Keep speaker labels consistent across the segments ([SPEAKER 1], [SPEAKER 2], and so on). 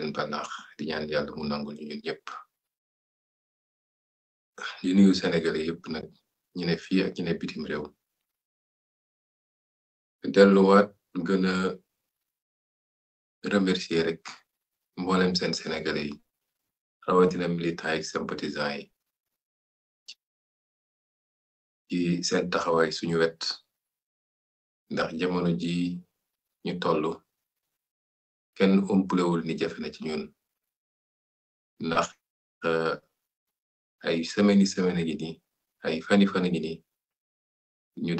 [SPEAKER 1] leen bànnaax di ñaan yàlla mu nangul ñu ñun ñëpp
[SPEAKER 2] di nuyu sénégalais yëpp nag ñu ne fii ak ñu ne bitim réew
[SPEAKER 1] delluwaat gën a remercier rek mboolem seen sénégalais yi rawatina militants yi sympathisants yi
[SPEAKER 2] ci seen taxawaay suñu wet ndax jamono ji ñu tollu kenn umpulewul ni jafe na ci ñun ndax ay
[SPEAKER 1] semaine semaine gi ni ay fani fani gi ni ñu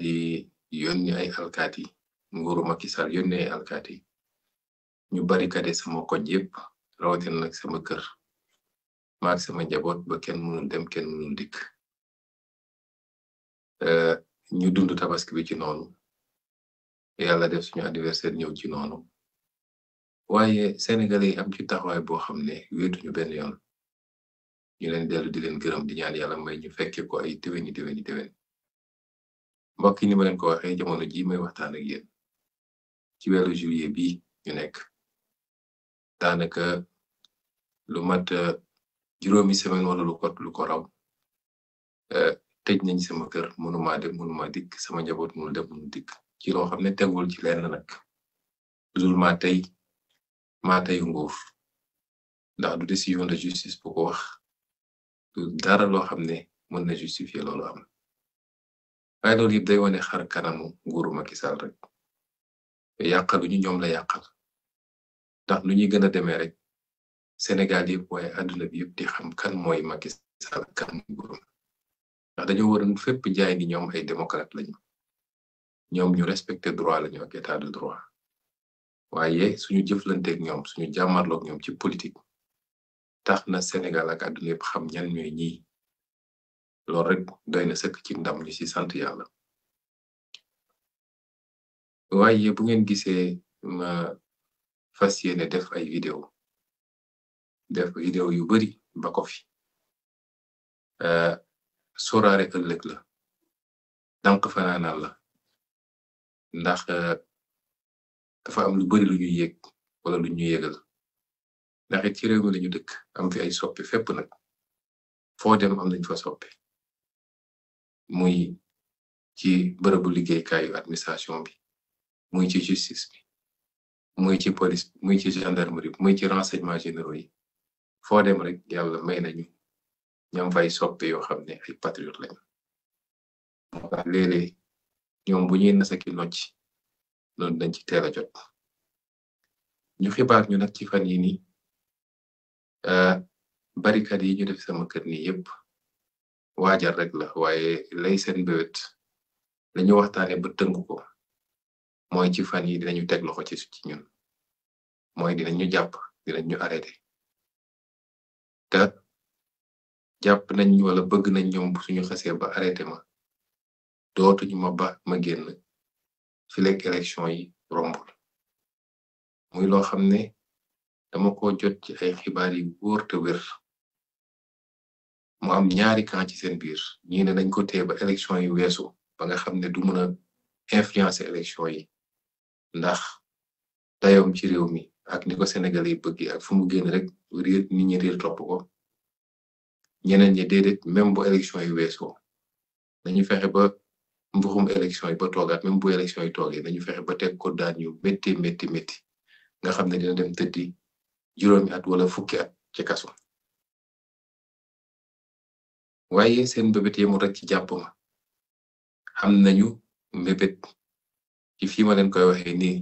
[SPEAKER 1] di yónni ay alkati, nguuru Macky Sall yónni ay alkaati ñu barikade sama koñ yépp rawatina nag sama kër maak sama njaboot ba kenn mënul dem kenn mënul dikk ñu dund tabaski bi ci noonu yàlla def suñu anniversaire ñëw ci noonu waaye sénégalais yi am ci taxawaay boo xam ne wéetuñu benn yoon ñu leen dellu di leen gërëm di ñaan yàlla may ñu fekke ko ay déwéni déwéni déwén mbokk yi ni ma leen ko waxee jamono ji may waxtaan ak yéen ci weeru juillet bi ñu nekk daanaka lu mat euh, juróomi semaine wala lu ko lu ko raw euh, tëj nañ sama kër mënuma dem mënuma dikk sama njaboot mënul dem mënul dikk ci loo xam ne tegul ci lenn nag dul tey maa yu nguur ndax du décision de justice bu ko wax du dara loo xam ne mën na justifier loolu am waaye loolu yëpp day wane xar kanamu nguuru Macky Sall rek yàqalu ñu ñoom la yàqal ndax lu ñuy gën a demee rek Sénégal yëpp waaye àdduna bi yëpp di xam kan mooy Macky kan nguurum ndax dañoo wërën fépp jaay ni ñoom ay démocrate lañu ñoom ñu respecté droit lañu ak état de droit waaye suñu jëflanteeg ñoom suñu jàmmarloog ñoom ci politique tax na Sénégal ak àdduna yëpp xam ñan ñooy ñi loolu rek doy na sëkk ci ndam li ci sant yàlla.
[SPEAKER 2] waaye bu ngeen gisee ma fas yéene def ay vidéo def vidéo yu bari ba ko fi euh, sóoraale ëllëg la dànk fanaanal la ndax. Euh, dafa am lu bari lu ñuy yëg wala lu ñuy yëgal ndax it ci réew lañu dëkk am fi ay soppi fépp nag
[SPEAKER 1] foo dem am nañ fa soppe muy ci bërëbu liggéeykaayu administration bi muy ci justice bi muy ci police muy ci gendarmerie bi muy ci renseignement généraux yi foo dem rek yàlla may nañu ñam fay soppe yoo xam ne ay patriote lañu moo tax léeg ñoom bu ñuy nasaki nocc loolu dañ ci teel a jot ñu xibaar ñu nag ci fan yi ni barikat yi ñu def sama kër ni yépp waajal rek la waaye lay seen béwét lañu waxtaane ba tënk ko mooy ci fan yi dinañu teg loxo ci ci ñun mooy dinañu jàpp dinañ ñu arrêté te jàpp nañ wala bëgg nañ ñoom suñu xasee ba arrêté ma dootuñu ma ba ma génn fileeg élection yi rombul muy loo xam ne dama ko jot ci ay xibaar yi wóor te wér mu am ñaari camp ci seen biir ñii ne nañ ko téye ba élection yi weesu ba nga xam ne du mën a influencer élection yi ndax dayoom ci réew mi ak ni ko Sénégalais yi bëgg ak fu mu génn rek réer nit ñi réer topp ko ñeneen ñi déedéet même bu élection yi weesoo dañu fexe ba. mbuxum élection yi ba toogaat même bu élection yi toogee nañu fexe ba teg ko daan yu métti métti métti nga xam ne dina dem tëddi juróomi at wala fukki at ci kaso waaye seen mbébét yemul rek ci jàpp ma xam nañu mbébét ci fii ma leen koy waxee nii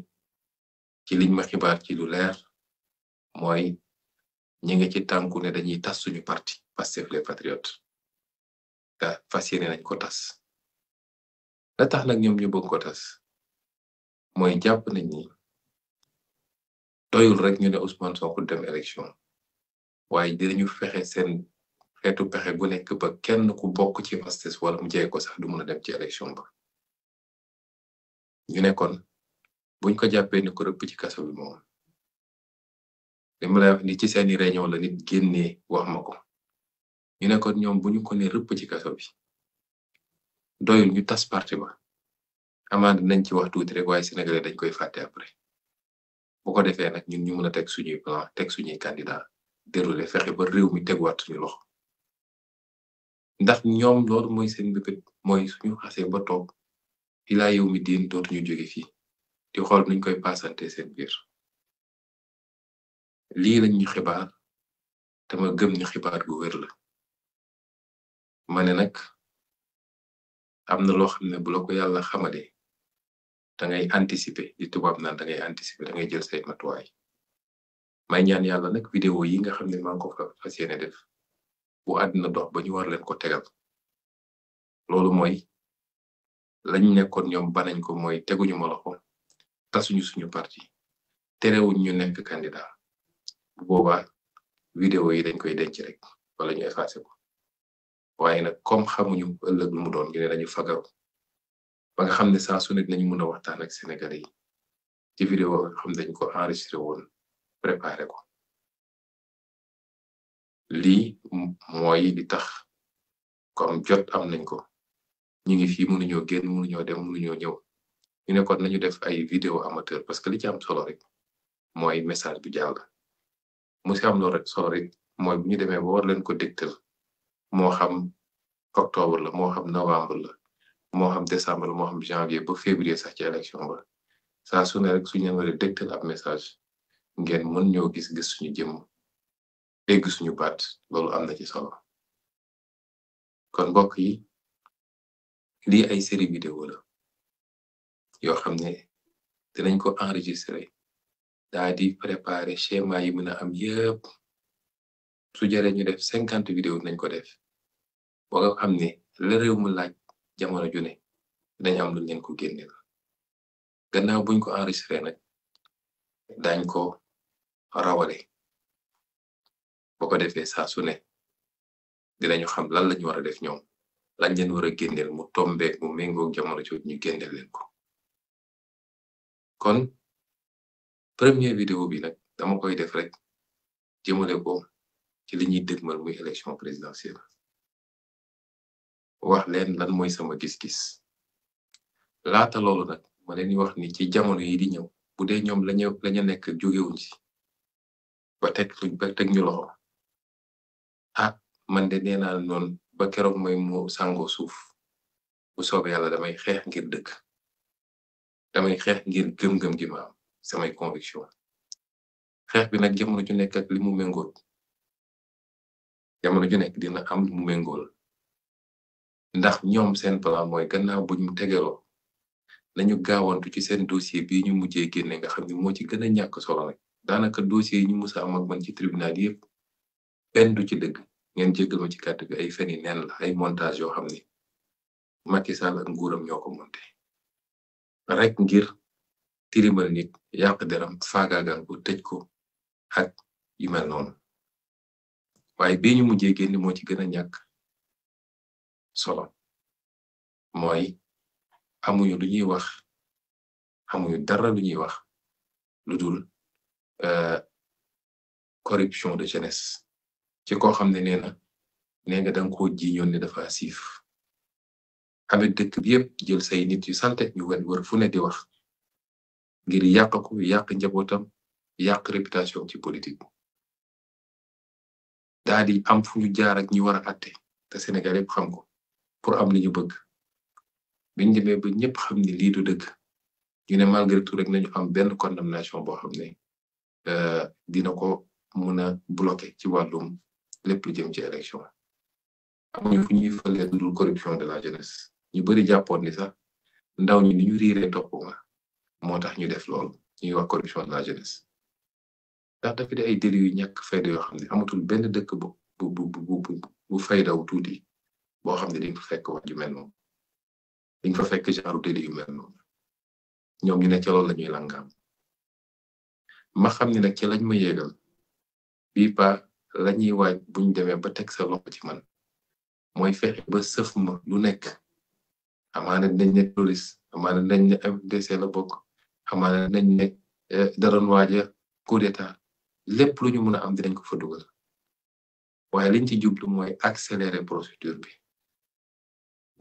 [SPEAKER 1] ci liñ ma xibaar ci lu leer mooy ñi nga ci tànku ne dañuy tas suñu parti Pastef les patriotes te fas yéene nañ ko tas la tax nag ñoom ñu bëgg ko tas mooy jàpp nañ ni doyul rek ñu ne Ousmane Sonko dem élection waaye dinañu fexe seen xeetu pexe gu nekk ba kenn ku bokk ci Pastef wala mu jege ko sax du mën a dem ci élection ba ñu ne buñ ko jàppee ni ko rëpp ci kaso bi moom li ma ni ci seeni réunion la nit génnee wax ma ko ñu ne ñoom buñ ko ne rëpp ci kaso bi doyul ñu tas parti ba amaana nañ ci wax tuuti rek waaye Sénégalais dañ koy fàtte après bu ko defee nag ñun ñu mën a teg suñuy plan teg suñuy candidat déroulé fexe ba réew mi teguwaat suñu lox ndax ñoom loolu mooy seen mbëbët mooy suñu xase ba toog ilaa yow mi diin dootuñu jóge fii di xool nañ koy paasante seen biir lii lañ ñu xibaar dama gëm ni xibaar gu wér la mane ne nag amna lo xamne bu la ko yàlla ya xamalee da ngay anticiper di tubab nan da ngay anticiper da ngay jël say matuwaay may ñaan yalla ya nak vidéo yi nga xamne ma ko fasiyene def bu adina dox ba ñu war leen ko tegal lolu moy lañ nekkon ñom banañ ko moy téguñu ma loxo tasuñu suñu parti terewuñ ñu nekk candidat bu boba vidéo yi dañ koy denc rek wala ñu effacer ko waaye nag comme xamuñu ëllëg lu mu doon ñu ne dañu fagaru ba nga xam ne saa su nekk nañu mën a waxtaan ak Sénégalais yi ci vidéo nga xam dañ ko enregistré woon
[SPEAKER 2] préparé ko lii mooy di tax
[SPEAKER 1] comme jot am nañ ko ñu ngi fii mënuñoo génn mënuñoo dem mënuñoo ñëw ñu ne kon nañu def ay vidéo amateur parce que li jaam solo rek mooy message bu jàll mu si am loolu rek solo rek mooy bu ñu demee ba war leen ko dégtal moo xam octobre la moo xam novembre la moo xam décembre moo xam janvier ba février sax ci élection ba saa su ne rek suñu amaree dégtal ab message ngeen mën ñoo gis gis suñu jëmm dégg suñu baat loolu am na ci solo
[SPEAKER 2] kon mbokk yi lii ay série vidéo la
[SPEAKER 1] yoo xam ne dinañ ko enregistré daa di préparer schéma yi mën a am yépp su jëree ñu def cinquante vidéo nañ ko def ba xam ne la réew mu laaj jamono ju ne dañ am luñ leen ko génne la buñ ko enregistré nag dañ ko rawale ba ko defee saa su ne dinañu xam lan lañu war a def ñoom lañ leen war a génneel mu tombeek mu méngoog jamono jooju ñu génneel leen ko kon première vidéo bi nag dama koy def rek jëmale ko ci li ñuy dëgmal muy élection présidentielle wax len lan mooy sama gis-gis laata loolu nag ma leen wax ni ci jamono yi di ñëw bu dee ñoom lañu lañu nekk jógewuñ ci ba teg ba teg ñu loxo ah man de nee naa noonu ba keroog may mu sangoo suuf bu soobee yàlla damay xeex ngir dëkk damay xeex ngir gëm-gëm gi ma am samay conviction xeex bi nag jamono ju nekk ak li mu méngool jamono ju nekk dina am mu ndax ñoom seen plan mooy gannaaw buñ ñu tegaloo nañu gaawantu ci seen dossier bi ñu mujjee génne nga xam ne moo ci gën a ñàkk solo nag daanaka dossier yi ñu musa am ak man ci tribunal yépp benn du ci dëgg ngeen jéggal ma ci bi ay fen yi la ay montage yoo xam ne Macky Sall ak nguuram ñoo ko monté rek ngir tirimal nit yàq deram faagaagal ko tëj ko ak yu mel noonu waaye bii ñu mujjee génne moo ci gën a
[SPEAKER 2] solo mooy amuñu lu ñuy wax
[SPEAKER 1] amuñu dara lu ñuy wax lu dul euh, corruption de jeunesse ci koo xam ne nee na nee nga danga koo jiiñoon ne dafa siif avec dëkk bi yëpp jël say nit yu sante ñu wen wër fu ne di wax ngir yàq ko yàq njabootam yàq réputation ci politique daa am fu ñu jaarak ak ñi war a àtte te Sénégal yëpp xam ko pour am li ñu bëgg biñ demee ba ñëpp xam ni lii du dëgg ñu ne malgré tout rek nañu am benn condamnation boo xam ne euh, dina ko mën a ci wàllum lépp lu jëm ci élection amuñu fu ñuy falee dul corruption de la jeunesse ñu bari jàppoon ni sax ndaw ñi ni ñu riiree topp ma moo tax ñu def ñu ñuy wax corruption de la jeunesse ndax dafa di ay délits yu ñàkk fayda yoo xam ne amatul benn dëkk bu bu bu bu bu faydaw tuuti boo xam ne di fa fekk wax ju mel noonu di fa fekk genre yu mel noonu ñoom ñu ne ca loolu la ñuy ma xam ne nag ci lañ ma yéegal bii pa la ñuy waaj buñ demee ba teg sa loxo ci man mooy fexe ba sëf ma lu nekk amaana dinañ ne terroriste amaana dinañ ne FDC la bokk amaana dinañ ne eh, daroon waaja coup d'état lépp lu ñu mën a am dinañ ko fa dugal waaye liñ ci jublu mooy accélérer procédure bi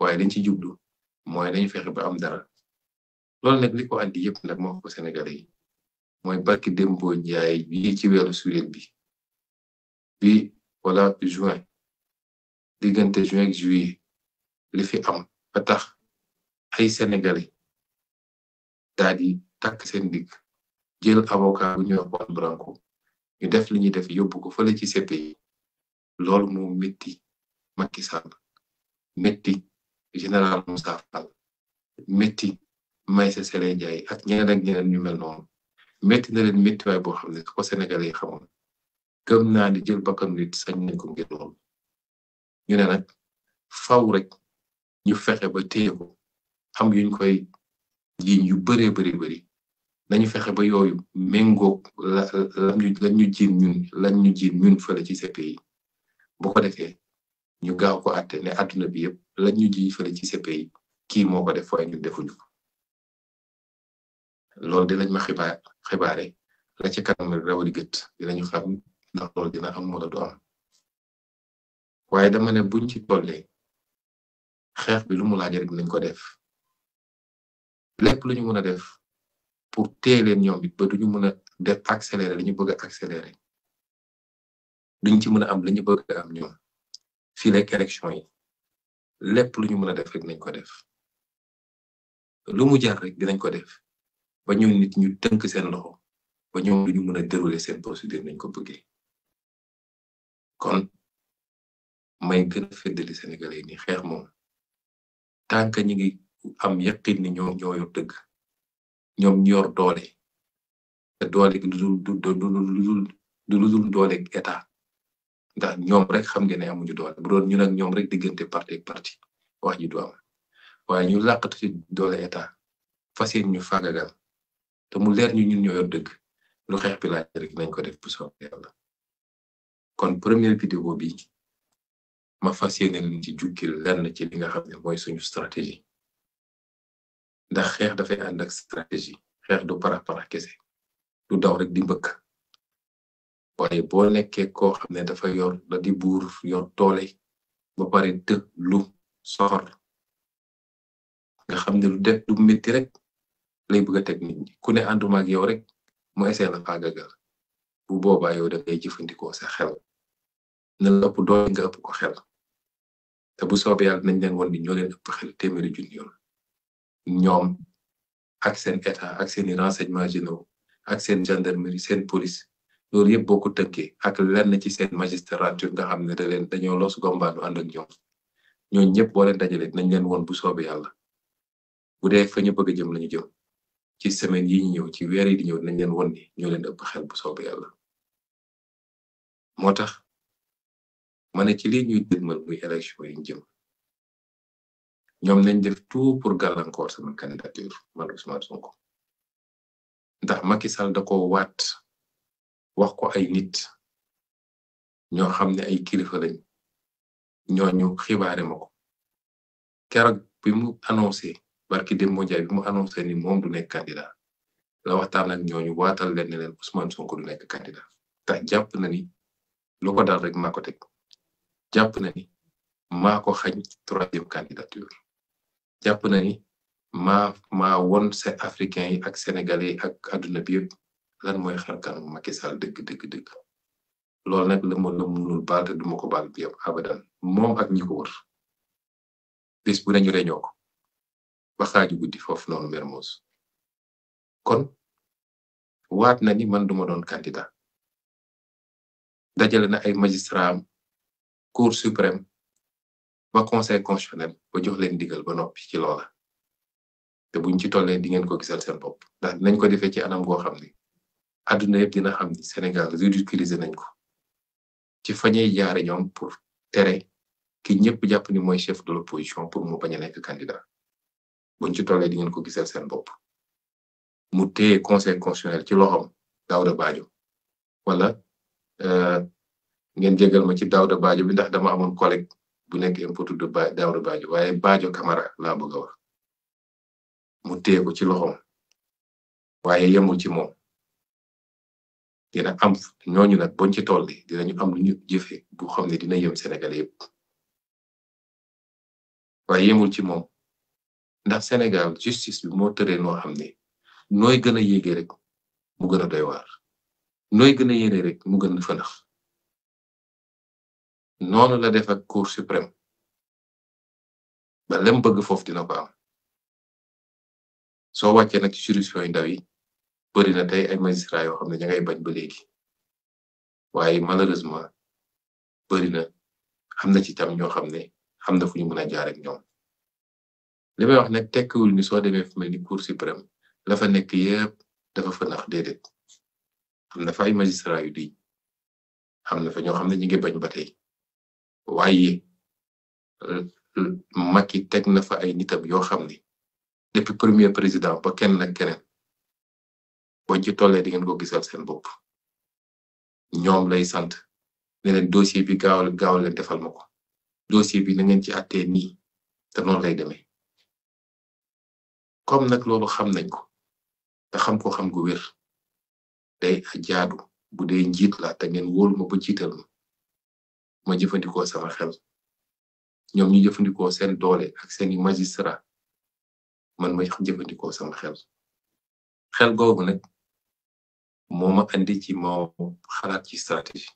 [SPEAKER 1] waaye liñ ci jublu mooy dañu fexe ba am dara loolu nag li ko andi yëpp nag moo ko Sénégalais mooy barki Dembo Ndiaye yi ci weeru sulet bi bi wala juin diggante juin ak li fi am ba tax ay Sénégalais daal takk seen digg jël avocat bu ñuy Branco ñu def li ñuy def yóbbu ko fële ci CPI loolu moo métti Macky Sall général Moussa Fall métti Maïssa Sélé Ndiaye ak ñeneen ak ñeneen ñu mel noonu métti na leen métti waay boo xam ne ko Sénégalais yi xamoon gëm naa ni jël bakkan nit sañ nañ ko ngir loolu ñu ne nag faw rek ñu fexe ba téye ko yuñ koy jiiñ yu bëree bari bari nañu fexe ba yooyu méngoog la ñu jiin ñun lañ ñu jiin ñun fële ci sa pays ko defee ñu gaaw ko àtte ne àdduna bi yëpp lañ ñu ji fële ci CPI kii moo ko def waaye ñun defuñu ko loolu dinañ ma xibaar xibaare la ci kanam rawali gët dinañu xam ndax loolu dina am wala a am waaye dama ne buñ ci tolle xeex bi lu mu laaj rek nañ ko def lekk lu ñu mën a def pour téye leen ñoom it ba duñu mën a def accélérer li ñu bëgg a accélérer duñ ci mën a am li ñu bëgg a am ñoom fii rek élection yi lépp lu ñu mën a def rek nañ ko def lu mu jar rek dinañ ko def ba ñoom nit ñu tënk seen loxo ba ñoom lu ñu mën a dérouler seen procédure nañ ko bëggee
[SPEAKER 2] kon may gën a feddali Sénégalais yi ni
[SPEAKER 1] xeex moom tant que ñu ngi am yaqin ni ñoo ñoo yor dëgg ñoom ñu yor doole te doole du dul du dul du dul doole état. ndax ñoom rek xam ngeen ne amuñu doole bu doon ñun ak ñoom rek diggante parti ak parti wax ji du gitu, am waaye ñu làqatu ci doole état fas yéen ñu faagagal te mu leer ñu ñun ñoo yor dëgg lu xeex bi laaj rek nañ ko def bu soob yàlla kon première vidéo bi ma fas yéene leen ci jukkil lenn ci li nga xam ne mooy suñu stratégie ndax xeex dafay ànd ak stratégie xeex du para kese du daw rek di mbëkk waaye boo nekkee koo xam ne dafa yoor dadi di buur yor doole ba pare të lu soxor nga xam ne lu def lu métti rek lay bëgg teg nit ñi ku ne ànduma ak yow rek mu essayé la faagagal bu boobaa yow da jëfandikoo sa xel na la doole nga ëpp ko xel te bu soobee yàlla nañ leen woon ni ñoo leen ëpp xel téeméeri junni yoon ñoom ak seen état ak seeni renseignements généraux ak seen gendarmerie seen police lool yeb boo ko ak lenn ci seen magistrature nga xam ne da leen dañoo los gombaanu and ak ñoom ñoo ñëpp bo len dajale nañ len won bu soobee yalla bu dee fa ñu bëgg jëm lañu jëm ci semaine yi ñu ñëw ci weer yi di ñëw nañ len won ni ñoo len ëpp xel bu soobee yalla motax mané ci li ñuy dëgmal muy élection yi ñu jëm ñoom nañ def tout pour galancor sama candidature malheureusement Sonko ndax Macky Sall da ko wat wax ko ay nit ñoo xam ne ay kilifa lañ ñooñu xibaare ma ko keroog bi mu annoncé barki Demba Ndiaye bi mu annoncé moom du nekk candidat la waxtaan ak ñooñu waatal leen ne leen Ousmane Sonko du nekk candidat tax jàpp na ni dal rek maa ko teg jàpp na ni maa ko xañ troisième candidature jàpp na ni maa maa won sa africain yi ak sénégalais yi ak àdduna bi lan moy xarkanam Macky Sall deug deug deug loolu nak le ma la munul bal te duma ko bal bi yëpp abadan mom ak ñiko wër bis bu dañu ñu reñoo ko ba guddi fofu non mermos
[SPEAKER 2] kon wat na ni man duma don candidat
[SPEAKER 1] dajale na ay magistrat cour suprême ba conseil constitutionnel ba jox leen digal ba nopi ci loola te buñ ci tollé di ngeen ko gisal seen bopp ndax nañ ko defé ci anam go xamni adduna yëpp dina xam ni Sénégal ridiculiser nañ ko ci fañe ñuy jaare ñoom pour tere ki ñëpp jàpp ni mooy chef de l'opposition pour mu bañ a nekk candidat buñ ci tollee di ngeen ko gisal seen bopp mu téye conseil constitutionnel ci loxoom Daouda Badio wala euh, ngeen jégal ma ci Daouda Badio bi ndax dama amoon collègue bu nekk impotu de Daouda Badio waaye Badio Camara laa bëgg a mu téye ko ci loxoom
[SPEAKER 2] waaye yemul ci moom dina am ñooñu nag boñ ci
[SPEAKER 1] toll dinañu am lu ñu jëfee bu xam ne dina yëm Sénégal yëpp waaye yemul ci moom ndax Sénégal justice bi moo tëree noo xam ne nooy gën a yéegee rek mu gën a doy waar nooy gën a yéene rek mu gën a fënax noonu la def ak Cour suprême
[SPEAKER 2] ba lem bëgg foofu dina ko am soo wàccee nag ci
[SPEAKER 1] juridiction yu ndaw yi bëri na tey ay magistrat yoo xam ne ña ngay bañ ba léegi waaye malheureusement bëri na am na ci tam ñoo xam ne am na fu ñu mën a jaar ñoom li may wax nag tekkiwul ni soo demee fu mel ni cour suprême la fa nekk yépp dafa fa nax déedéet am na fa ay magistrat yu diñ am na fa ñoo xam ne ñu ngi bañ ba tey waaye Macky teg na fa ay nitam yoo xam ne depuis premier président ba kenn nag keneen bañ ci tollee di ngeen ko gisal seen bopp ñoom lay sant ne leen dossier bi gaaw gaaw defal ma ko dossier bi na ngeen ci àttee nii te lay demee kom nag loolu xam nañ ko te xam ko xam gu wér day jaadu bu dee njiit la te ngeen wóolu ma ba jiital ma ma jëfandikoo sama xel ñoom ñu jëfandikoo seen doole ak seeni magistrat man ma jëfandikoo sama xel xel googu nag moo ma andi ci moo xalaat ci stratégie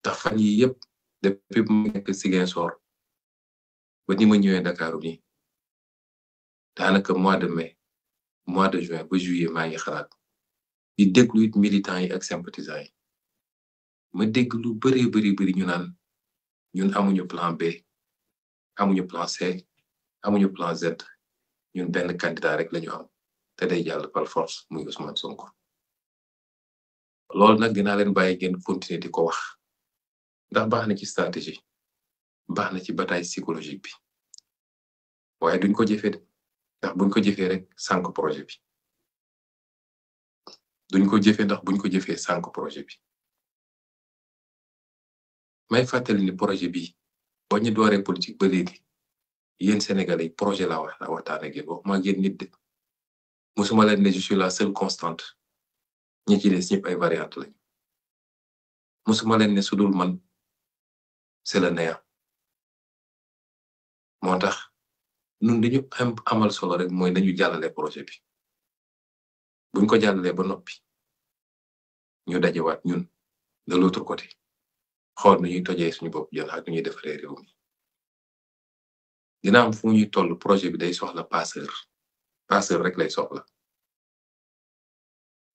[SPEAKER 1] ndax fan yii yëpp depuis mu nekk Ziguinchor ba ni ma ñëwee Dakar ni daanaka mois de mai mois de juin ba juillet maa ngi xalaat di déglu it yi ak sympathisants yi ma dégg lu bari ñu naan ñun amuñu plan B amuñu plan C amuñu plan Z ñun benn candidat rek lañu am te day jàll par force muy Ousmane Sonko. loolu nag dinaa leen bàyyi ngeen continuer di ko wax ndax baax na ci stratégie baax na ci bataille psychologique bi waaye duñ ko jëfee ndax buñ ko jëfee rek sànq projet bi
[SPEAKER 2] duñ ko jëfee ndax buñ ko jëfee sànq projet bi
[SPEAKER 1] may fàttali ni projet bi boo ñu dooree politique ba léegi yéen Sénégalais yi projet la wax laa waxtaan ak yéen waxuma ak yéen nit de mosuma leen ne je la seule constante. ñi ci des ñëpp ay variante lañ musuma leen ne sudul man c'est le néant moo tax nun dañu amal solo rek mooy nañu jàllale projet bi buñ ko jàllalee ba noppi ñu dajewaat ñun de l'autre côté xool nu ñuy tojee suñu bopp jën ak nu ñuy defaree réew mi dina fu ñuy toll projet bi day soxla passeur passeur rek lay soxla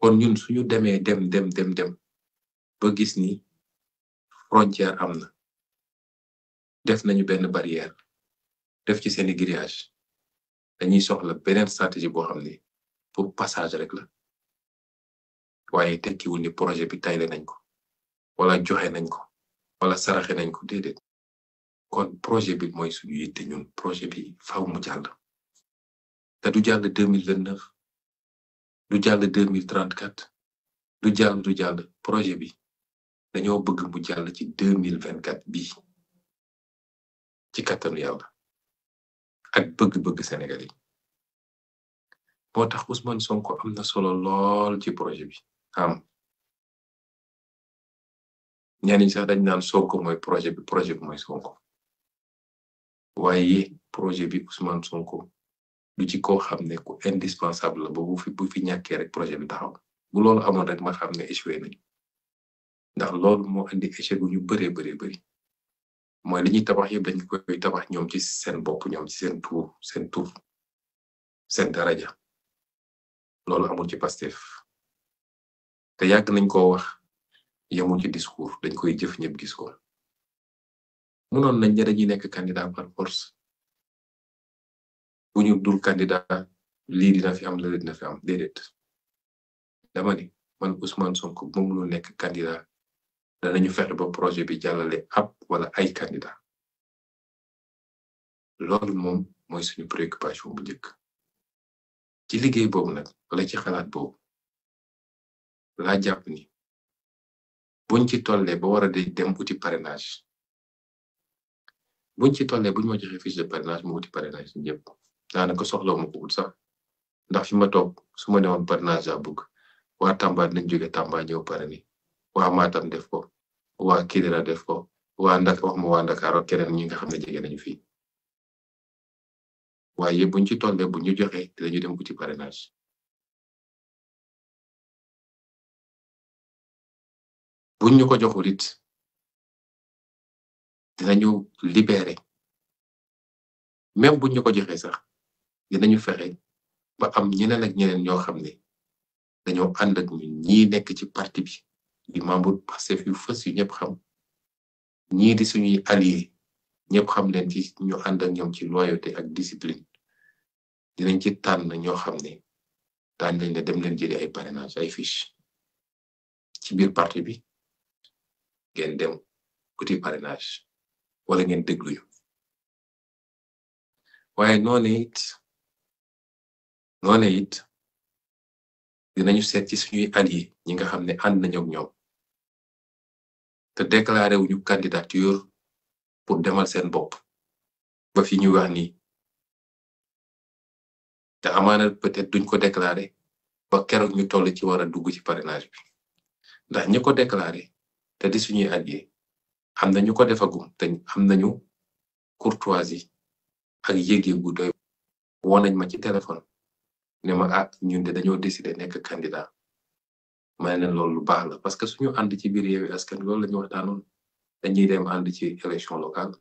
[SPEAKER 1] kon ñun suñu demee dem dem dem dem ba gis ni frontière am na def nañu benn barrière def ci seeni grillage dañuy soxla beneen stratégie boo xam ne pour passage rek la waaye tekkiwul ni projet bi tayle nañ ko wala joxe nañ ko wala saraxe nañ ko déedéet kon projet bi mooy suñu yitte ñun projet bi faw mu jàll te du jàll deux mille vingt neuf du jall 2034 du jall du jall projet bi dañu bëgg mu jall ci 2024 bi ci kattanu yalla
[SPEAKER 2] ak bëgg-bëgg Sénégal yi moo tax Ousmane Sonko am solo lol ci projet bi am
[SPEAKER 1] ñani ñi sax dañ nan Sonko moy projet bi projet bi moy Sonko waye projet bi Ousmane Sonko du ci ko xam ne ku indispensable la ba bu fi bu fi ñaké rek projet bi taxaw bu lool amone rek ma xam échoué nañ ndax lool mo andi échec gu ñu bëré bëré bëri moy li ñi tabax yeb dañ koy tabax ñom ci seen bop ñom ci seen tur seen tur seen daraja lool amul ci Pastef te yàgg nañ ko wax yamu ci discours dañ koy jëf ñep gis ko munoon nañ dañuy nekk candidat par force bu ñu dul candidat lii dina fi am lële dina fi am déedéet dama ni man Ousmane Sonko bu mu mënul nekk candidat
[SPEAKER 2] ñu fexe ba projet bi jàllale ab wala ay candidat loolu moom mooy suñu préoccupation bu njëkk ci liggéey boobu nag wala ci xalaat boobu laa jàpp ni buñ ci
[SPEAKER 1] tollee ba war a dem uti parrainage buñ ci tollee buñ ma joxe fiche de parrainage mu uti parrainage ñëpp daanaka soxla wu ma ko wut sax ndax fi ma toog su ma newoon par naa bëgg waa Tamba nañ jóge Tamba ñëw pare ni wa Matam def ko waa Kidira def ko waa Ndaka wax ma waa Ndakaar ak keneen ñi nga xam ne jege fi fii waaye buñ ci tollee bu ñu joxe dañu dem ci parrainage
[SPEAKER 2] buñ ñu ko joxul it dinañu libéré
[SPEAKER 1] même buñ ñu ko joxee sax dinañu fexe ba am ñeneen ak ñeneen ñoo xam ne dañoo ànd ñi ñun nekk ci parti bi di membre Pastef yu fës yu ñëpp xam ñii di suñuy allié ñëpp xam leen ci ñu ànd ñoom ci loyauté ak discipline dinañ ci tànn ñoo xam ne daañ lañ ne dem leen jëli ay parrainage ay fiche ci biir parti bi
[SPEAKER 2] ngeen dem uti parrainage wala ngeen déglu ñu waaye noonu it noone it
[SPEAKER 1] dinañu seet ci suñuy allié ñi nga xam ne ànd nañu ak ñoom te déclaré wuñu candidature pour demal seen bopp ba fi ñu wax ni te amaana peut-être duñ ko déclaré ba keroog ñu toll ci war a dugg ci parrainage bi ndax ñu ko déclaré te di suñuy allié am na ñu ko defagum te am nañu courtoisie ak yéege bu doy woon nañ ma ci téléphone. ni ma ah ñun de dañoo décider nekk candidat ma ne loolu lu baax la parce que suñu ànd ci biir Yewwi Askan loolu la ñu waxtaanoon dañuy dem ànd ci élection locale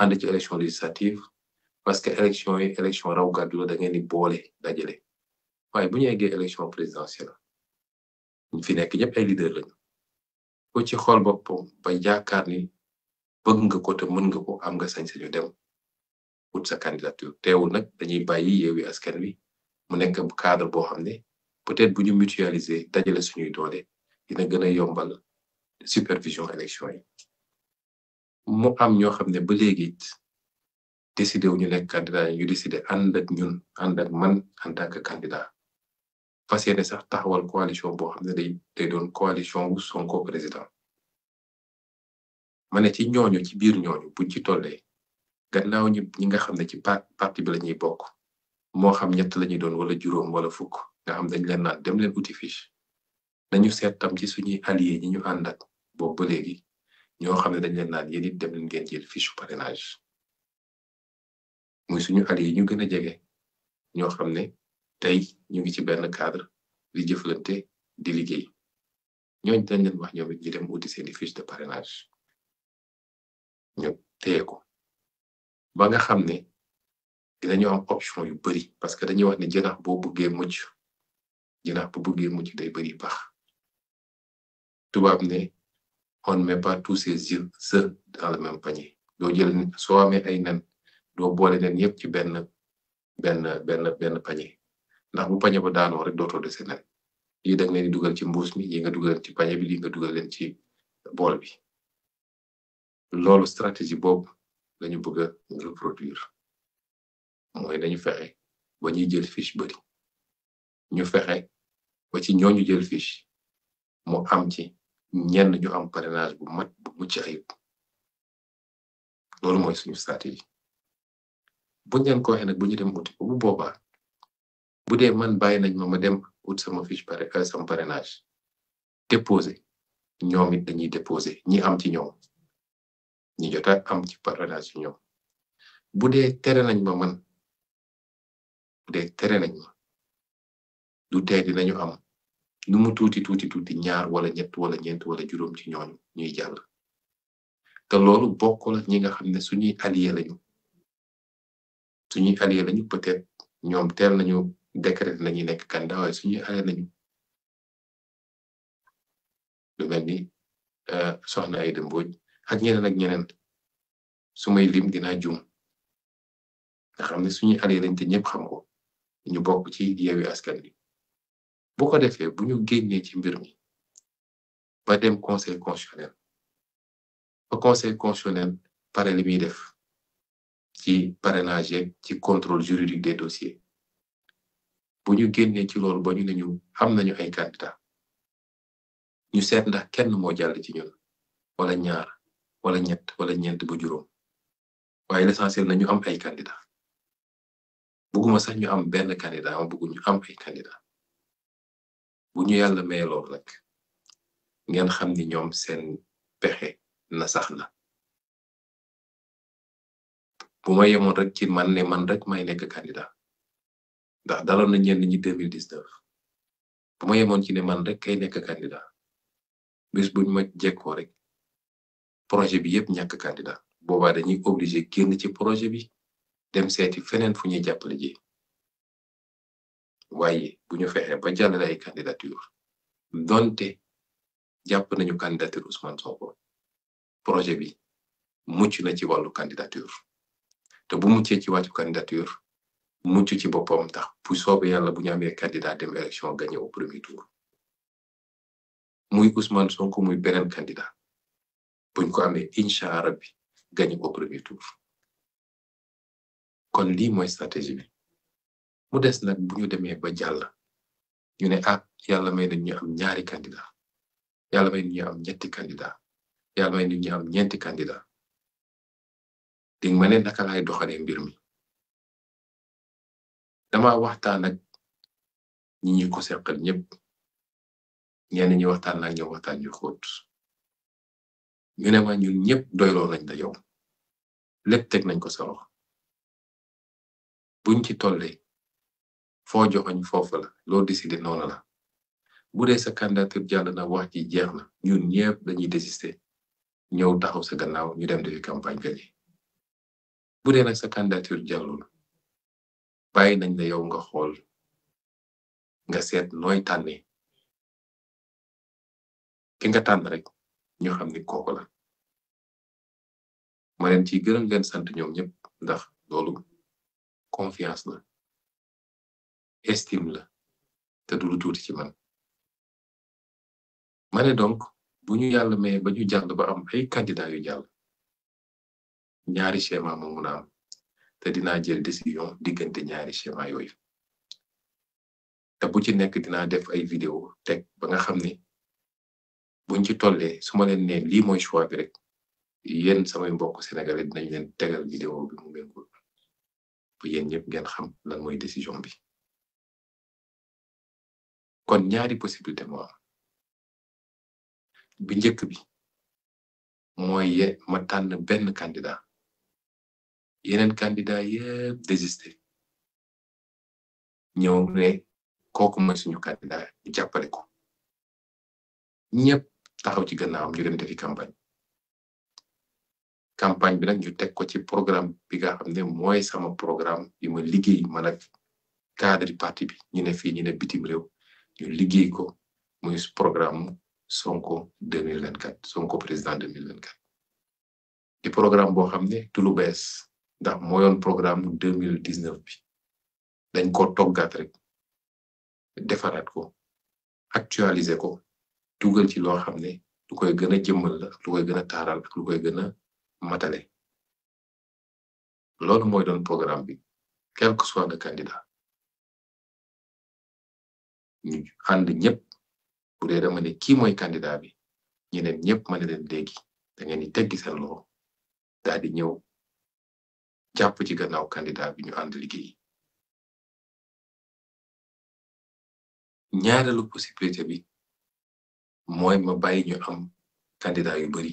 [SPEAKER 1] ànd ci élection législative parce que élection yi élection raw gàddu la da ngeen di boole dajale waaye bu ñu eggee élection présidentielle ñu fi nekk ñëpp ay leader lañu ko ci xool boppam ba yaakaar ni bëgg nga ko te mën nga ko am nga sañ-sañu dem wut sa candidature teewul nag dañuy bàyyi Yewwi Askan wi. mu nekk cadre boo xam ne peut-être bu ñu mutualiser dajale suñuy doole dina gën a yombal supervision élection yi mu am ñoo xam ne ba léegi it décidé wu ñu nekk candidat ñu décidé ànd ñun ànd man en tant que candidat fas sax taxawal coalition boo xam ne day day doon coalition wu Sonko président ma ne ci ñooñu ci biir ñooñu buñ ci tollee gannaaw ñi ñi nga xam ne ci parti bi la ñuy bokk moo xam ñett lañuy doon wala juróom wala fukk nga xam dañ leen naan dem leen uti fiche nañu seet tam ci suñuy allié ñi ñu ànd ak ba léegi ñoo xam ne dañ leen naan yéen it dem leen ngeen jël fiche parrainage muy suñu allié ñu gën a jege ñoo xam ne tey ñu ngi ci benn cadre di jëflante di liggéey ñooñ dañ leen wax ñoom it ñu dem uti seeni fiche de parrainage ñu téye ko ba nga xam ne dinañu am option yu bëri parce que dañuy wax ne jënax boo bëggee mucc jënax bu bëggee mucc day bëri pax tubaab ne on ne met pas tous ses œufs dans le même panier doo soo amee ay nen doo boole nen yëpp ci benn benn benn benn panier ndax bu panier ba daanoo rek dootoo dese nen yi da nga leen di dugal ci mbuus mi yi nga dugal leen ci panier bi yi nga dugal leen ci bool bi loolu stratégie boobu lañu bëgg a reproduire mooy dañu fexe ba ñuy jël fiche bëri ñu fexe ba ci ñooñu jël fiche mu am ci ñenn ñu am parrainage bu mat bu mucc ayib loolu mooy suñu stratégie buñ leen ko waxee nag bu ñu dem uti ko bu boobaa bu dee man bàyyi nañ ma ma dem ut sama fiche pare euh, sama parrainage déposé ñoom it dañuy déposé ñi am ci ñoom ñi jot a am ci parrainage ci ñoom bu dee tere nañ ma man. bu tere nañ ma du tey dinañu am nu mu tuuti tuuti tuuti ñaar wala ñett wala ñeent wala juróom ci ñooñu ñuy jàll te loolu bokkul ak ñi nga xam ne suñuy allié lañu suñuy allié lañu peut-être ñoom teel nañu décrété nañu nekk candidat
[SPEAKER 2] suñuy allié lañu mel ni euh,
[SPEAKER 1] soxna Aïda ak ñeneen ak ñeneen sumay may lim dinaa juum nga xam ne suñuy allié lañ te ñëpp xam ko. ñu bokk ci yeewi askan wi bu ko defee bu ñu génnee ci mbir mi ba dem conseil constitutionnel ba conseil constitutionnel pare li muy def ci parrainage ci contrôle juridique des dossiers bu ñu génnee ci loolu ba ñu ne ñu am nañu ay candidat ñu seet ndax kenn moo jàll ci ñun wala ñaar wala ñett wala ñeent ba juróom waaye l'essentiel nañu am ay candidat bëgguma sax ñu am benn candidat ma bëgg ñu am ay candidat bu ñu yàlla may loolu nag ngeen xam ni ñoom seen pexe na sax na bu ma yemoon rek ci man ne man rek may nekk candidat ndax daloon na ñenn ñi 2019 bu ma yemoon ci ne man rek kay nekk candidat bis buñ ma jekkoo rek projet bi yépp ñàkk candidat boobaa dañuy obligé génn ci projet bi dem seeti feneen fu ñuy jàppale ji waaye bu ñu fexe ba jàllale ay candidature donte jàpp nañu candidature Ousmane Sonko projet bi mucc na ci wàllu candidature te bu muccee ci wàllu candidature mucc ci boppam ndax bu soobee yàlla bu ñu amee candidat dem élection gagné au premier tour muy Ousmane Sonko muy beneen candidat buñ ko amee incha rabbi gagné au premier tour. kon lii mooy stratégie bi mu des nag bu ñu demee ba jàll ñu ne ah yàlla may nañ ñu am ñaari candidat yàlla may ñu ñu am ñeenti candidat di ma ne naka laay doxalee
[SPEAKER 2] mbir mi dama waxtaan ak ñi ñu
[SPEAKER 1] ko seqal ñëpp ñenn ñi waxtaan ak ñoom waxtaan yu xóot ñu ne ma ñun ñëpp doyloo nañ la yow lépp nañ ko sa buñ ci tollee foo joxoñ foofu la loo décidé noonu la bu dee sa candidature jàll na wax ji jeex na ñun ñëpp dañuy désister ñëw taxaw sa gannaaw ñu dem defi campagne ka ji bu dee nag sa candidature jàllul bàyyi nañ la yow nga xool nga
[SPEAKER 2] seet nooy tànnee ki nga tànn rek ñoo xam ni kooku la ma leen ciy gërëm leen sant ñoom ñëpp ndax loolu confiance la estime la te dul lu tuuti ci man ma ne donc bu ñu yàlla mais ba ñu
[SPEAKER 1] jàll ba am ay candidat yu jàll ñaari schéma ma mun a am te dinaa jël décision diggante ñaari schéma yooyu te bu ci nekk dinaa def ay vidéo teg ba nga xam ni buñ ci tollee su ma leen ne lii mooy choix bi rek yéen samay mbokk sénégalais dinañ leen tegal vidéo bi mu ngeen yéen ñëpp ngeen xam lan mooy décision bi
[SPEAKER 2] kon ñaari possibilité moo am bi njëkk bi mooy ye ma tànn benn candidat yeneen candidat yëpp désisté ñëw ne kooku mooy
[SPEAKER 1] suñu candidat jàppale ko ñëpp taxaw ci gannaawam ñu dem defi campagne campagne bi nag ju teg ko ci programme bi nga xam ne mooy sama programme bi ma liggéey mana ak cadre parti bi ñu ne fii ñu ne bitim réew ñu liggéey ko muy programme Sonko 2024 Sonko président 2024 di programme boo xam ne du lu bees ndax mooyoon programme 2019 bi dañ ko toggaat rek defaraat ko actualiser ko dugal ci loo xam ne lu koy gën a jëmmal la lu koy gën a taaral ak lu koy gën a matale loolu mooy
[SPEAKER 2] doon programme bi quel que soit le candidat
[SPEAKER 1] ñu ànd ñëpp bu dee dama ne kii mooy candidat bi ñeneen ñëpp ma léegi da ngeen di teggi seen loxo daal ñëw jàpp ci
[SPEAKER 2] gannaaw candidat bi ñu ànd liggéey
[SPEAKER 1] ñaareelu possibilité bi mooy ma bàyyi ñu am candidat yu bari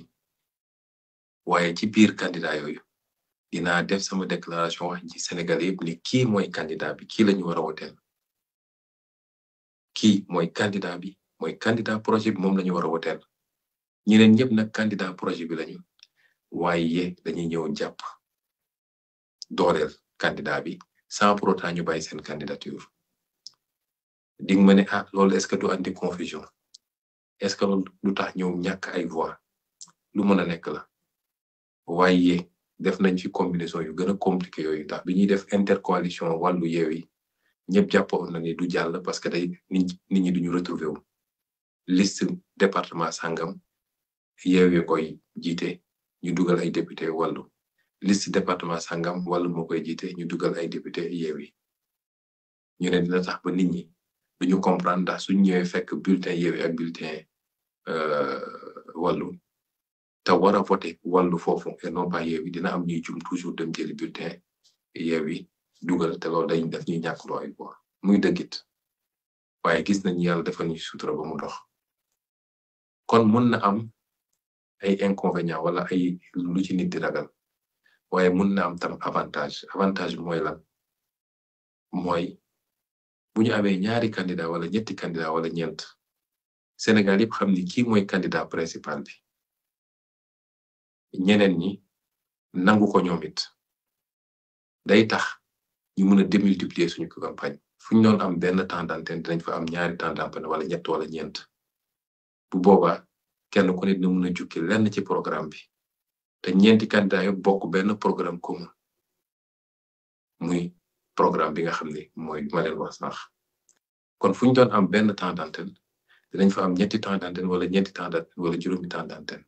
[SPEAKER 1] waye ci biir candidat yooyu dinaa def sama déclaration wax ci Sénégal yépp ni kii mooy candidat bi kii la ñu war a woteel kii mooy candidat bi mooy candidat projet bi moom la ñu war a woteel ñeneen ñëpp nag candidat projet bi lañu waaye dañuy ñëw jàpp dooleel candidat bi sans pour autant ñu bàyyi seen candidature di ma ne ah loolu est-ce que du andi confusion est-ce que loolu du tax ñëw ñàkk ay voix lu mën a la waaye def nañ fi combinaison yu gën a compliqué yooyu tax bi ñuy def intercoalition wàllu yeewi ñëpp jàppoon na ni du jàll parce que day nit nit ñi duñu retrouver wu liste département sangam yeewi koy jiite ñu dugal ay député wàllu liste département sangam wàllu moo koy jiite ñu dugal ay député yeewi ñu ne dina tax ba nit ñi duñu comprendre ndax suñ ñëwee fekk bulletin yeewi ak bulletin euh, wàllu te war a voté wàllu foofu et non pas dina am ñuy jum toujours dem jëli bulletin yeewi dugal te loolu dañ def ñuy ñàkk loo ay voix muy dëggit waaye gis nañ yàlla defal ñu sutura ba mu dox kon mën na am ay inconvénient wala ay ci nit di ragal waaye mën na am tam avantage avantage bi mooy lan mooy bu ñu amee ñaari candidat wala ñetti candidat wala ñeent Sénégal yëpp xam ni kii mooy candidat principal bi ñeneen ñi nangu ko ñoom it day tax ñu mën a démultiplier suñu campagne fu ñu doon am benn temps d'antenne dinañ fa am ñaari temps d'antenne wala ñett wala ñeent bu boobaa kenn ku ne dina mën a jukki lenn ci programme bi te ñeenti candidat bokk benn programme commun muy programme bi nga xam ne mooy ma leen wax sax kon fu ñu doon am benn temps d'antenne dinañ fa am ñetti temps d'antenne wala ñeenti temps d'antenne wala juróomi temps d'antenne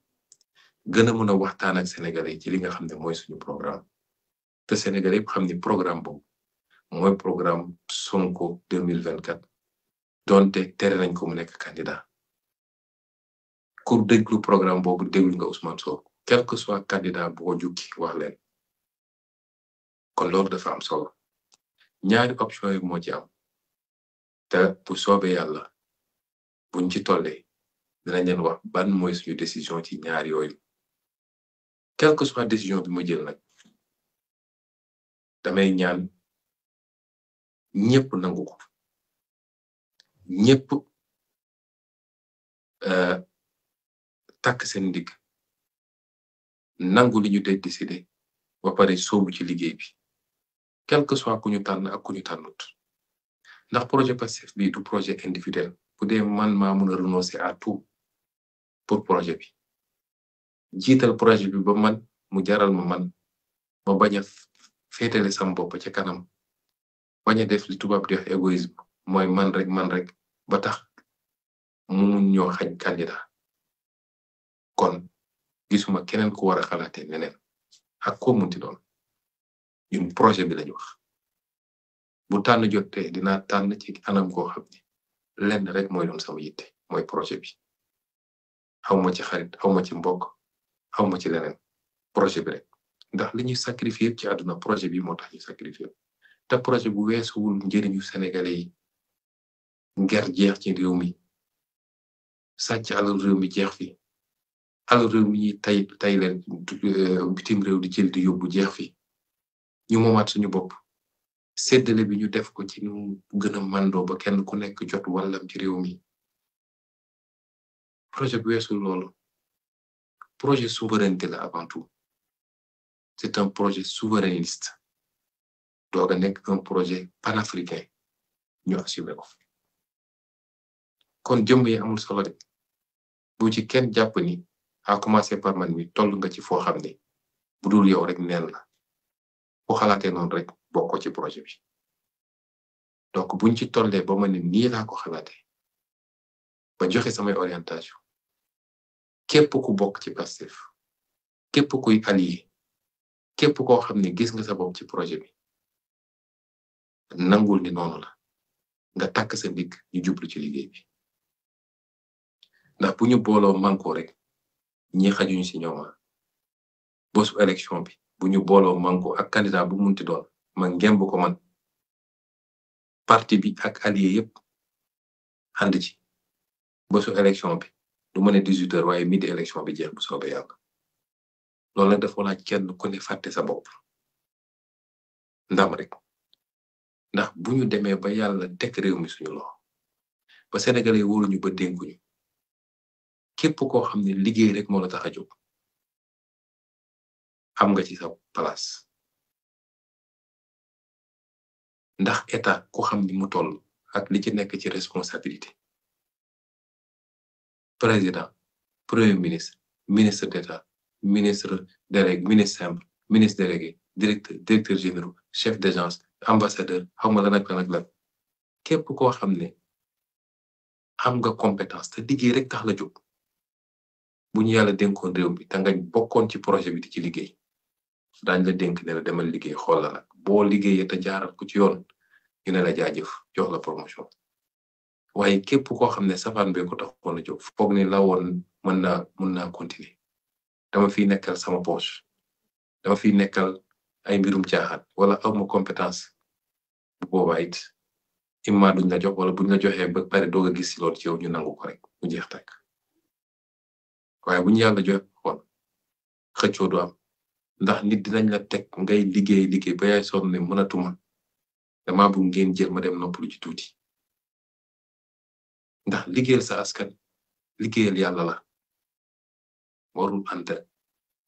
[SPEAKER 1] gën a mën a waxtaan ak Sénégalais yi ci li nga xam ne mooy suñu programme te Sénégalais yëpp xam ni programme boobu mooy programme Sonko deux mille vingt quatre donte tere nañ ko mu nekk candidat ku déglu programme boobu déglu nga Ousmane soo quel que soit candidat boo jukki wax leen kon loolu dafa solo ñaari option yi moo ci am te bu soobee yàlla buñ ci tollee dinañ leen wax ban mooy suñu décision ci ñaari yooyu. quelle que soit décision bi ma jël nak
[SPEAKER 2] damay ñaan ñepp nangu ko euh tak seen dig
[SPEAKER 1] nangu li ñu dey décider ba paré sóobu ci liggéey bi quel que soit ku ñu tànn ak ku ñu tànnut ndax projet passif bi du projet individuel bu dee man maa mën a renoncer à tout pour projet bi Jital projet kan bi ba man mu jaral ma man ma baña fétalé féetale sama bopp ca kanam baña def li tubab di égoïsme moy man rek man rek ba tax mu xaj candidat kon gisuma keneen ku wara xalaté neneen ak koo munti doon ñun projet bi lañ wax bu tan jotté dina tan ci anam ko xamni lenn rek moy doon sama yitté moy projet bi xawma ci xarit xawma ci mbokk xawma ci leneen projet bi rek ndax li ñuy sacrifier ci àdduna projet bi moo tax ñu sacrifier te projet bu weesuwul njëriñu sénégalais yi nger jeex ci réew mi sàcc alal réew mi jeex fi alal réew mi ñuy tay tay leen euh, bitim réew di jël di yóbbu jeex fi ñu moomaat suñu bopp séddale bi ñu def ko ci nu gën a mandoo ba kenn ku nekk jot wàllam ci réew mi projet bu weesul loolu projet souveraineté la avant tout c'est un projet souverainiste doog a nekk un projet panafricain ñu assumer ko kon jëmb yi amul solo de bu ci kenn jàpp ni a commencer par man mi toll nga ci foo xam ne bu dul yow rek neen la foo xalaatee noonu rek bokkoo ci projet bi donc buñ ci tollee ba ma ne nii laa ko ba joxe samay orientation képp ku bokk ci Pastef képp kuy allié képp koo xam ne gis nga sa bopp ci projet bi nangul ni noonu la nga takk sa ndigg ñu jublu ci liggéey bi ndax bu ñu booloo manko rek ñi xajuñu si ñooma ah. bosu élection bi bu ñu booloo manko ak candidat bu munti doon ma ngemb ko man parti bi ak allié yépp ànd ci bosu élection bi du ma ne 18 heures waaye midi élection bi jeex bu soobee yalla loolu nag dafa laaj kenn ku ne fàtte sa bopp ndam rek ndax bu ñu demee ba yàlla teg réew mi suñu loxo ba sénégalais yi wóoluñu ba dénkuñu képp koo xam ne liggéey rek moo la tax a
[SPEAKER 2] jóg am nga ci sa place ndax état ku xam ni mu toll ak li ci nekk ci responsabilité
[SPEAKER 1] président premier ministre ministre d'État ministre délégué ministre simple ministre délégué directeur directeur général chef d'agence ambassadeur xam nga lan ak lan la lan képp koo xam ne am nga compétence te liggéey rek tax la jóg bu ñu yàlla dénkoon réew mi te nga bokkoon ci projet bi di ci liggéey daañu la dénk ne la demal liggéey xool la liggéeyee te jaaral ko ci yoon ñu la jaajëf yoo la promotion waaye képp koo xam ne safaan bee ko taxoon a jóg foog ni la woon mën naa mën naa continuer dama fi nekkal sama poche dama fi nekkal ay mbirum caaxaan wala awma compétence bu boobaa it imma duñ la jox wala buñ la joxee ba pare doog a gis si loolu ci yow ñu nangu ko rek mu jeex tàkk waaye buñ yàlla jox xool xëccoo du am ndax nit dinañ la teg ngay liggéey liggéey ba yaay sonn ne mënatuma dama bu ngeen jël ma dem noppalu ci tuuti ndax liggéeyal sa askan liggéeyal yàlla ya la warul ànd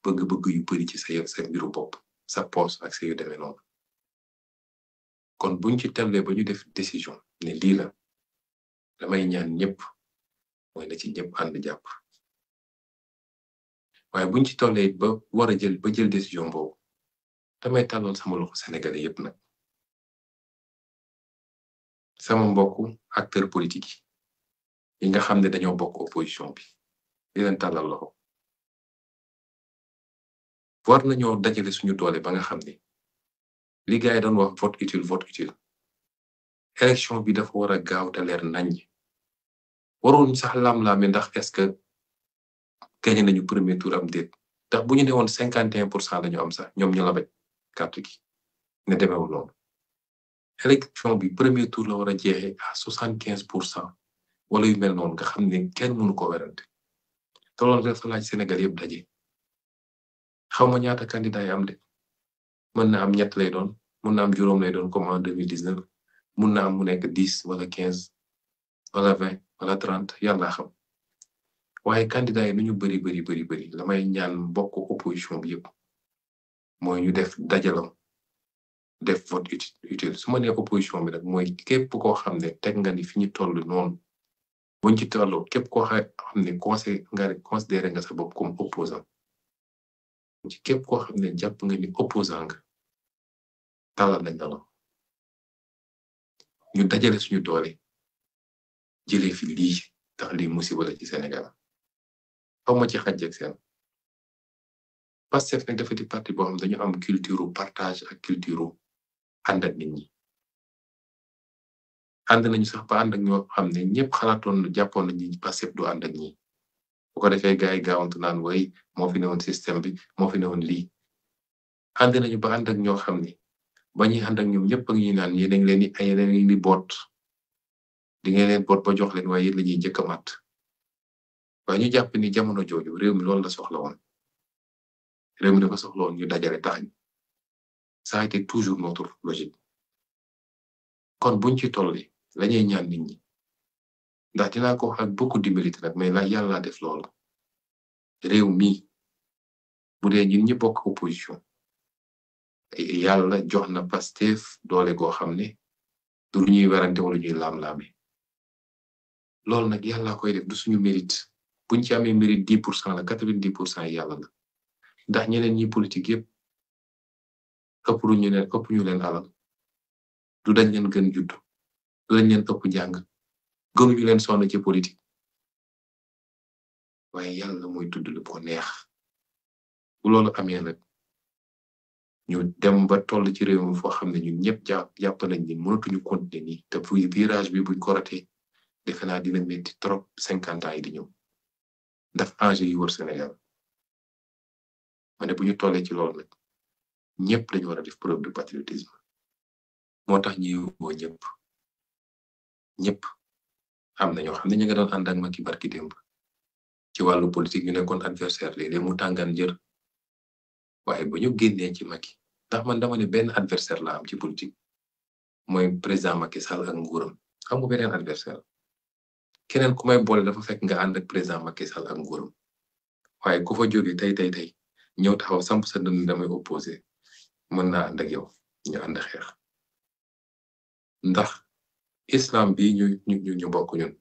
[SPEAKER 1] bëgg-bëgg yu bëri ci sa sa mbiru bopp sa poos ak sa yu demee noonu kon buñ ci tellee ba ñu def décision ne lii la damay ñaan ñëpp mooy na ci ñëpp ànd jàpp waaye buñ ci tollee ba war a jël ba jël décision boobu damay tàllal sama loxo sénégalais yépp nag sama mbokk acteur politique
[SPEAKER 2] yi yi nga xam ne dañoo bokk opposition bi di leen tàllal loxo
[SPEAKER 1] war nañoo dajale suñu doole ba nga xam ne li gaay yi doon wax vote utile vote utile élection bi dafa war a gaaw te leer nañ waroon sax laam-laame ndax est-ce que gagné nañu premier tour am déet ndax bu ñu ne woon cinquante et un pour cent lañu am sax ñoom ñu la bañ carte gi ne demeewul noonu élection bi premier tour la war a jeexe à soixante quinze pour cent wala yu mel noonu nga xam ne kenn mënu ko werante te loolu dafa laaj Sénégal yëpp daje xaw ma ñaata candidat yi am de mën na am ñett lay doon mën na am juróom lay doon comme en deux mille dix neuf mën na am mu nekk dix wala quinze wala vingt wala trente yàlla xam waaye candidat yi nu ñu bari bari bari lamay ñaan bokk opposition bi yëpp mooy ñu def dajalam def vote utile su ma nee opposition bi nag mooy képp koo xam ne teg nga ni fi ñu toll noon buñ ci tolloo képp ko xam ne conseil nga ne nga sa bopp kom opposant ci képp koo xam ne jàpp nga ni opposant nga
[SPEAKER 2] talal nañ ñu dajale suñu doole
[SPEAKER 1] jëlee fi lii tax lii musiba la ci Sénégal xaw ma ci xàjj seen Pastef nag dafa di parti boo xam dañu am culture partage ak culture ànd ak ande nañu sax ba and ak ñoo xamne ñepp ñëpp xalaatoon na jàppoon nañu Pastef du and ak ñi bu ko defee gaay yi naan way moo fi newoon système bi moo fi newoon lii ànd nañu ba and ak ñoo xamne ba ñuy and ak ñoom ñepp ak ñuy naan yéen a ngi leen di yéen a ngi leen di bot di ngeen leen bot ba jox leen waaye yéen la ñuy njëkk a mat ba ñu jàpp ni jamono jooju réew mi loolu la soxla woon réew mi dafa soxla woon ñu dajale tax ça a été toujours notre logique kon buñ ci tolli lañuy ñaan nit ñi ndax dinaa ko wax ak beaucoup d'humilité nag mais la yàlla def loolu réew mii bu dee ñun ñi bokk opposition yàlla ya jox na pasteef doole goo xam ne du lu ñuy werante wala ñuy laam-laame loolu nag yàlla ya koy def du suñu mérite buñ ci amee mérite dix pour cent la quatre vingt dix pour cent yàlla la ndax ñeneen ñi politique yépp ëpp ñu leen ëpp ñu leen alal du dañ leen gën juddu doon leen topp jàng gëm
[SPEAKER 2] ñu leen sonn ci politique waaye yàlla mooy tudd lu ko neex
[SPEAKER 1] bu loolu amee nag ñu dem ba toll ci réew mi foo xam ne ñun ñëpp jàpp jàpp nañ ni mënatuñu continuer nii te fu virage bi buñ ko ratee defe naa dina metti trop cinquante ans yi di ñëw ndax enjeu yi wër Sénégal ma ne bu ñu tollee ci loolu nag ñëpp dañu war a def preuve de patriotisme moo tax ñuy woo ñëpp ñépp am na ñoo xam ne ñu nga doon ànd ak Macky barki démb ci wàllu politique ñu nekkoon adversaire léeg-léeg mu tàngaan jër waaye bu ñu génnee ci Macky ndax man dama benn adversaire la am ci politique mooy président maki Sall ak nguuram xam nga beneen keneen ku may boole dafa fekk nga ànd ak président Macky Sall ak nguuram waaye ku fa jóge tey tey tey ñëw taxaw samp sa dënn damay opposé mën naa ànd ak yow ñu ànd xeex ndax islam bi ñu ñu ñu bokk ñun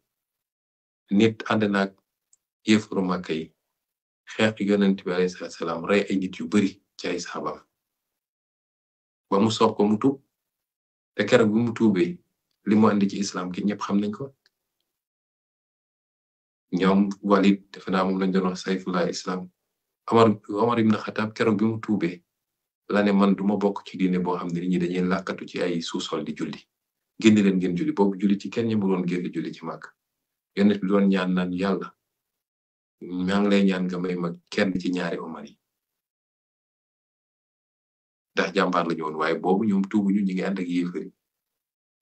[SPEAKER 1] nit ànd naag yëfuru màkk yi xeex yonent bi alayhi salaatu salaam rey ay yu bari ci ay saxaabam ba mu soog ko mu tuub te keroog bi mu tuubee li mu andi ci islam gi ñëpp xam nañ ko ñoom Walid defe naa moom lañ doon wax sayfullah islam Omar Omar ibn keroog bi mu tuubee la man duma bokk ci diine boo xam ne nit ñi dañuy làkkatu ci ay suusol di julli génne leen ngeen julli boobu julli ci kenn ñëmbuloon génne juli ci màgg yonent bi doon ñaan naan yàlla maa ngi lay ñaan nga may ma kenn ci ñaari Omar yi ndax jàmbaar la ñu woon waaye boobu ñoom tuubuñu ñu ngi ànd ak yéefar yi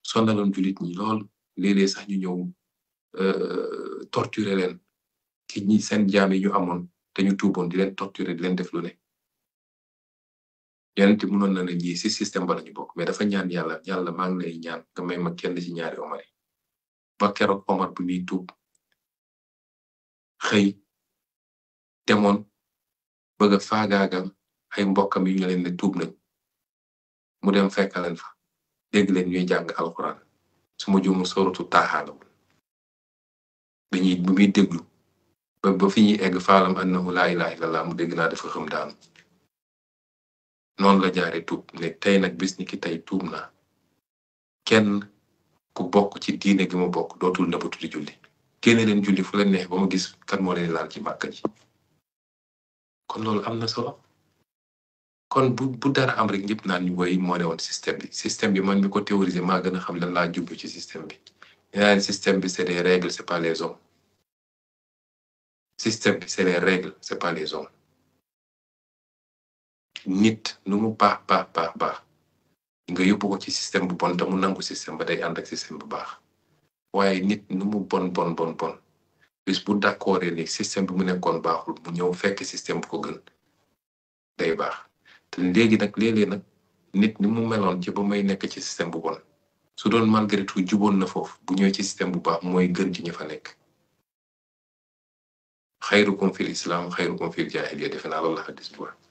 [SPEAKER 1] sonaloon jullit ñi lool léeg sax ñu ñëw euh, torturer leen ki ñi seen jaam yi ñu amoon te tuuboon di leen torturer di leen def lu ne yonenti mënoon na ne ñii si système ba lañu bok mais dafa ñaan yalla yalla ma ngi lay ñaan nga may ma kenn ci ñaari omar yi e ba keroog omar bu ñuy tuub xëy demoon bëgg a faagaagal ay mbokam yu ñu leen ne tuub nañ mu dem fekkaleen fa dégg leen ñuy jàng alquran su ma jumu soratu taaxaalawul dañuy bu muy déglu ba ba fi ñuy egg faalam annahu la ilaha illallah mu dégg naa dafa xam daanu noonu la jaare tuub ne tey nag bis ni ki tey tuub naa kenn ku bokk ci diine gi ma bokk dootul nëbbatu di julli génne leen julli fu leen neex ba ma gis kan moo leen laal ci màkka ji kon loolu am na solo kon bu bu dara am rek ñëpp naan ñu woy moo ne woon système bi système bi man mi ko théoriser maa gën xam lan laa jublu ci système bi ñeneen système bi c'est des règles c'est pas les système bi c'est les règles c'est pas les nit lu mu baax baax baax baax nga yóbbu ko ci système bu bon te mu nangu système ba day ànd ak système bu baax waaye nit nu mu bon bon bon bon bis bu d'accord ni système bu mu nekkoon baaxul mu ñëw fekk système bu ko gën day baax te léegi nag léeg nag nit ni mu meloon ci may nekk ci système bu bon su doon malgré tout juboon na foofu bu ñëwee ci système bu baax mooy gën ci ñi fa nekk xayrukum fil islam xayrukum fil jaahiliya defe naa loolu la xadis bu wax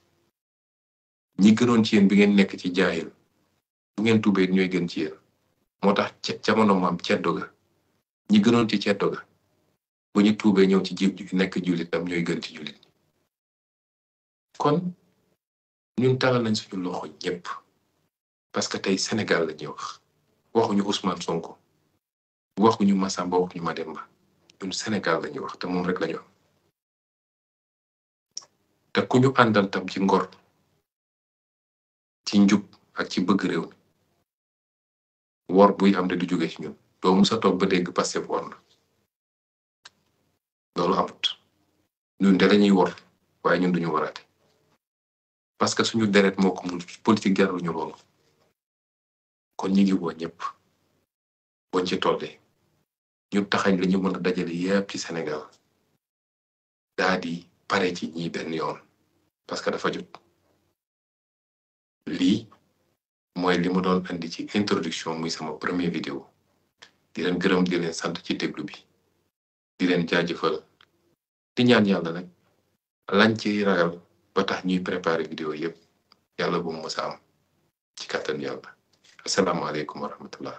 [SPEAKER 1] ñi gënoon ci yéen bi ngeen nekk ci jaayil bu ngeen tuubee ñooy gën ci yéen moo tax jamono maam ceddo ga ñi gënoon ci ceddo ga bu ñu tuubee ñëw ci ji julit tam ñooy gën ci jullit kon ñun talal nañ suñu loxo ñëpp parce que tey Sénégal la ñuy wax waxuñu Ousmane Sonko waxuñu Massamba waxuñu Mademba ñun Sénégal la ñuy wax te moom rek la ñu am te ku ñu àndal tam ci ngor ci njub ak ci bëgg réew mi wor buy am de du jóge ci ñun doo sa toog ba dégg passé wor na loolu amut ñun de lañuy wor waaye ñun duñu waraate parce que suñu deret moo ko mun politique ñu loolu kon ñi ngi woo ñëpp boñ ci tollee ñu taxañ li ñu mën a dajale yépp ci Sénégal daa di pare ci ñi benn yoon parce que dafa jot lii mooy li mu doon andi ci introduction muy sama premier vidéo di leen gërëm di leen sant ci déglu bi di leen jaajëfal di ñaan yàlla nag lañ ci ragal ba tax ñuy préparer vidéo yépp yàlla bu mu mës am ci kàttan yàlla asalaamaaleykum wa rahmatullah